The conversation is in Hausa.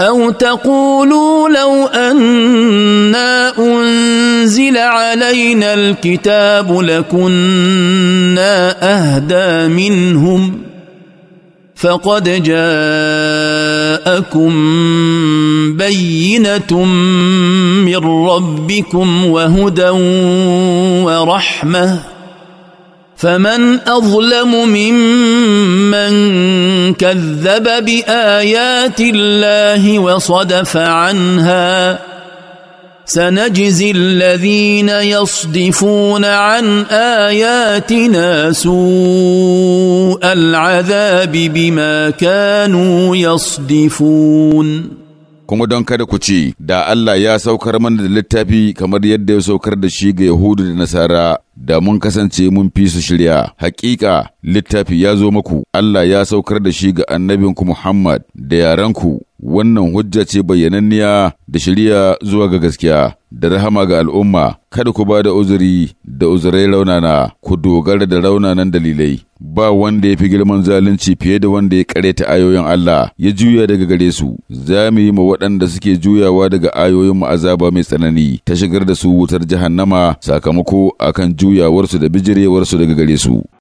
أو تقولوا لو أنا أنزل علينا الكتاب لكنا أهدى منهم فقد جاءكم بينة من ربكم وهدى ورحمة فمن أظلم ممن كذب بايات الله وصدف عنها سنجزي الذين يصدفون عن اياتنا سوء العذاب بما كانوا يصدفون kuma don kada ku ce da Allah ya saukar mana da littafi kamar yadda ya saukar da shi ga Yahudu da Nasara da mun kasance mun fi su shirya hakika littafi ya zo muku Allah ya saukar da shi ga annabinku Muhammad da yaranku wannan hujja ce bayyananniya da shirya zuwa ga gaskiya da rahama ga al'umma kada ku ba da uzuri da uzurai raunana ku dogara da raunanan dalilai ba wanda ya fi girman zalunci fiye da wanda ya ta ayoyin Allah ya juya daga gare su za mu yi ma waɗanda suke juyawa daga ayoyin mu azaba mai tsanani ta shigar da su wutar jahannama sakamako akan juyawarsu da bijirewarsu daga gare su